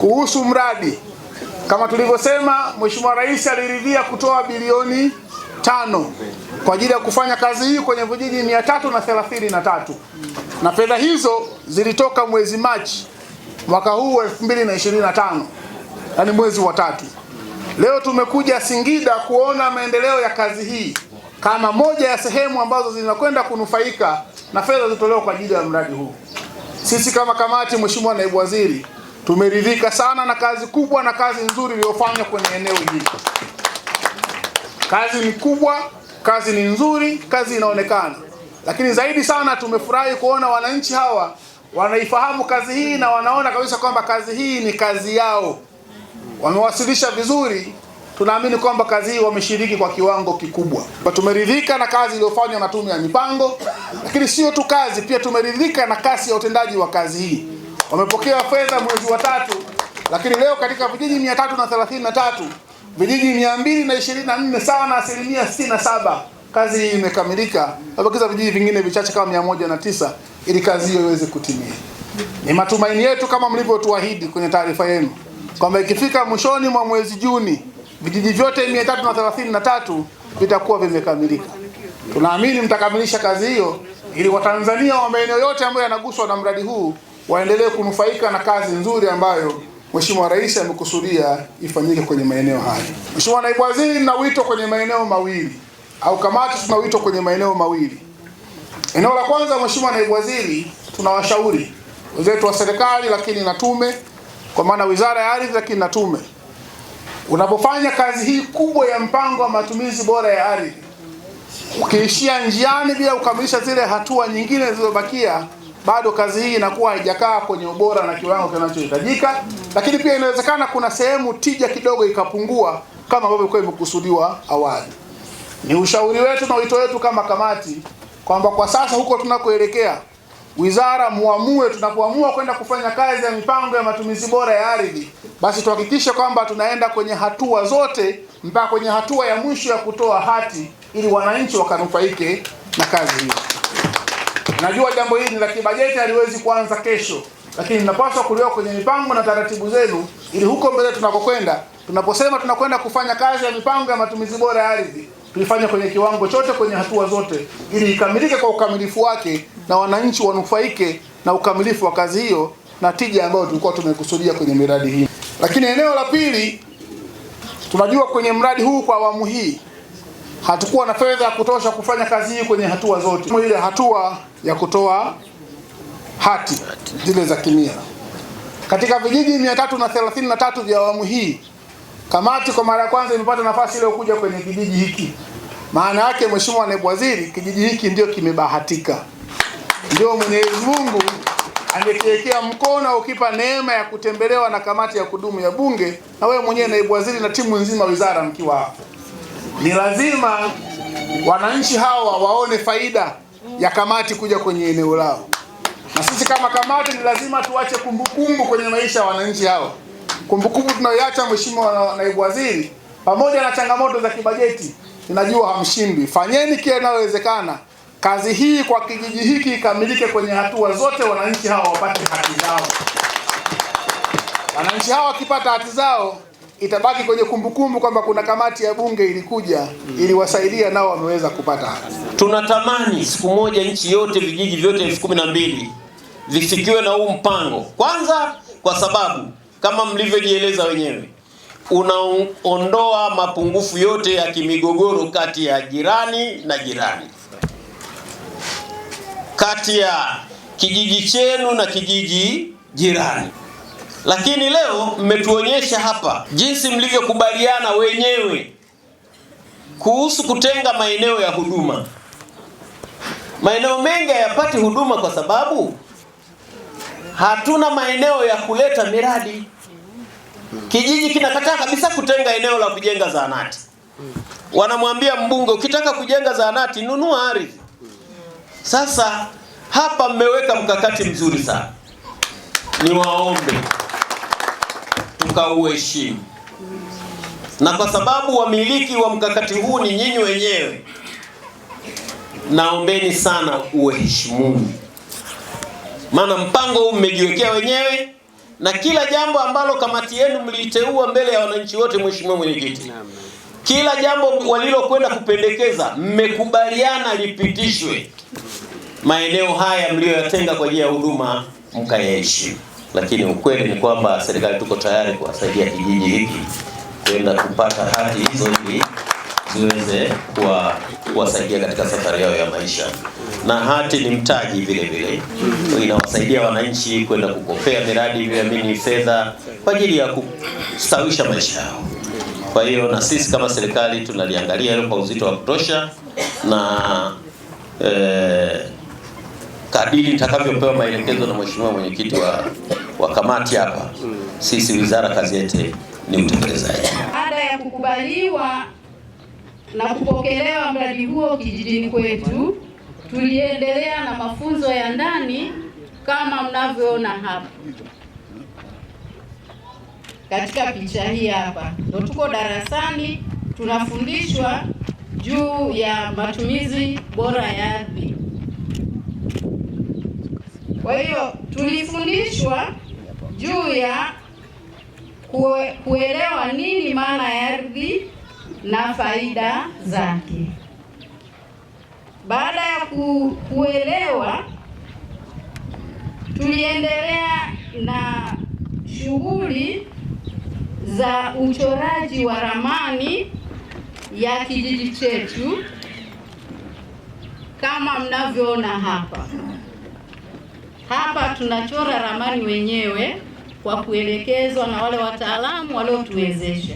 Kuhusu mradi kama tulivyosema, Mheshimiwa Rais aliridhia kutoa bilioni tano kwa ajili ya kufanya kazi hii kwenye vijiji mia tatu na thelathini na tatu na fedha hizo zilitoka mwezi Machi mwaka huu wa tano yani mwezi wa tatu. Leo tumekuja Singida kuona maendeleo ya kazi hii kama moja ya sehemu ambazo zinakwenda kunufaika na fedha zilizotolewa kwa ajili ya mradi huu. Sisi kama kamati, Mheshimiwa Naibu Waziri Tumeridhika sana na kazi kubwa na kazi nzuri iliyofanywa kwenye eneo hili. Kazi ni kubwa, kazi ni nzuri, kazi inaonekana, lakini zaidi sana tumefurahi kuona wananchi hawa wanaifahamu kazi hii na wanaona kabisa kwamba kazi hii ni kazi yao. Wamewasilisha vizuri, tunaamini kwamba kazi hii wameshiriki kwa kiwango kikubwa. Tumeridhika na kazi iliyofanywa na Tume ya Mipango, lakini sio tu kazi, pia tumeridhika na kasi ya utendaji wa kazi hii wamepokea fedha mwezi wa tatu, lakini leo katika vijiji 333 vijiji 224 sawa na asilimia 67 kazi hii imekamilika. Abakiza vijiji vingine vichache kama 109 ili kazi hiyo iweze kutimia. Ni matumaini yetu kama mlivyotuahidi kwenye taarifa yenu kwamba ikifika mwishoni mwa mwezi Juni vijiji vyote 333 vitakuwa vimekamilika. Tunaamini mtakamilisha kazi hiyo ili Watanzania wa maeneo yote ambayo yanaguswa na mradi huu waendelee kunufaika na kazi nzuri ambayo Mheshimiwa Rais amekusudia ifanyike kwenye maeneo haya. Mheshimiwa Naibu Waziri, na wito kwenye maeneo mawili au kamati tuna wito kwenye maeneo mawili. Eneo la kwanza, Mheshimiwa Naibu Waziri, tunawashauri wenzetu wa serikali lakini na tume, kwa maana Wizara ya Ardhi lakini na tume, unapofanya kazi hii kubwa ya mpango wa matumizi bora ya ardhi, ukiishia njiani bila kukamilisha zile hatua nyingine zilizobakia bado kazi hii inakuwa haijakaa kwenye ubora na kiwango kinachohitajika, lakini pia inawezekana kuna sehemu tija kidogo ikapungua kama ambavyo ilikuwa imekusudiwa awali. Ni ushauri wetu na wito wetu kama kamati kwamba kwa sasa huko tunakoelekea, wizara muamue, tunapoamua kwenda kufanya kazi ya mipango ya matumizi bora ya ardhi, basi tuhakikishe kwamba tunaenda kwenye hatua zote mpaka kwenye hatua ya mwisho ya kutoa hati ili wananchi wakanufaike na kazi hiyo. Najua jambo hili la kibajeti haliwezi kuanza kesho, lakini napaswa kuliwa kwenye mipango na taratibu zenu, ili huko mbele tunakokwenda, tunaposema tunakwenda kufanya kazi ya mipango ya matumizi bora ya ardhi, tuifanye kwenye kiwango chote, kwenye hatua zote, ili ikamilike kwa ukamilifu wake na wananchi wanufaike na ukamilifu wa kazi hiyo na tija ambayo tulikuwa tumekusudia kwenye miradi hii. Lakini eneo la pili, tunajua kwenye mradi huu kwa awamu hii hatukuwa na fedha ya kutosha kufanya kazi hii kwenye hatua zote. Ile hatua ya kutoa hati zile za kimila katika vijiji 333 vya awamu hii, kamati kwa mara ya kwanza imepata nafasi ile kuja kwenye kijiji hiki. Maana yake, Mheshimiwa Naibu Waziri, kijiji hiki ndio kimebahatika, ndio Mwenyezi Mungu angekiwekea mkono au ukipa neema ya kutembelewa na kamati ya kudumu ya Bunge na wewe mwenyewe Naibu Waziri na timu nzima wizara mkiwa hapo. Ni lazima wananchi hawa waone faida ya kamati kuja kwenye eneo lao, na sisi kama kamati ni lazima tuache kumbukumbu kwenye maisha ya wananchi hawa. Kumbukumbu tunayoacha, Mheshimiwa Naibu Waziri, pamoja na changamoto za kibajeti, ninajua hamshindwi. Fanyeni kile linalowezekana kazi hii kwa kijiji hiki ikamilike kwenye hatua zote, wananchi hawa wapate haki zao. Wananchi hawa wakipata haki zao itabaki kwenye kumbukumbu kwamba kuna kamati ya bunge ilikuja hmm. iliwasaidia, nao wameweza kupata haki. Tunatamani siku moja nchi yote, vijiji vyote elfu kumi na mbili vifikiwe na huu mpango kwanza, kwa sababu kama mlivyojieleza wenyewe unaondoa mapungufu yote ya kimigogoro kati ya jirani na jirani, kati ya kijiji chenu na kijiji jirani. Lakini leo mmetuonyesha hapa jinsi mlivyokubaliana wenyewe kuhusu kutenga maeneo ya huduma. Maeneo mengi hayapati huduma kwa sababu hatuna maeneo ya kuleta miradi. Kijiji kinakataa kabisa kutenga eneo la kujenga zahanati. Wanamwambia mbunge, ukitaka kujenga zahanati nunua ardhi. Sasa hapa mmeweka mkakati mzuri sana, niwaombe mkauheshimu. Na kwa sababu wamiliki wa mkakati huu ni nyinyi wenyewe, naombeni sana uheshimuni, maana mpango huu mmejiwekea wenyewe, na kila jambo ambalo kamati yenu mliiteua mbele ya wananchi wote, Mheshimiwa Mwenyekiti, kila jambo walilokwenda kupendekeza mmekubaliana lipitishwe, maeneo haya mliyoyatenga kwa ajili ya huduma mkayaheshimu lakini ukweli ni kwamba serikali tuko tayari kuwasaidia kijiji hiki kwenda kupata hati hizo ili ziweze kuwasaidia katika safari yao ya maisha, na hati ni mtaji vile vile, inawasaidia wananchi kwenda kukopea miradi viamini fedha kwa ajili ya kustawisha maisha yao. Kwa hiyo na sisi kama serikali tunaliangalia hilo kwa uzito wa kutosha, na eh, kadiri nitakavyopewa maelekezo na mheshimiwa mwenyekiti wa wa kamati hapa, sisi wizara kazi yetu ni utekelezaji. Baada ya kukubaliwa na kupokelewa mradi huo kijijini kwetu, tuliendelea na mafunzo ya ndani kama mnavyoona hapa katika picha hii hapa, ndo tuko darasani tunafundishwa juu ya matumizi bora ya ardhi. Kwa hiyo tulifundishwa juu ya kue, kuelewa nini maana ya ardhi na faida zake. Baada ya ku, kuelewa tuliendelea na shughuli za uchoraji wa ramani ya kijiji chetu kama mnavyoona hapa. Hapa tunachora ramani wenyewe kwa kuelekezwa na wale wataalamu waliotuwezesha.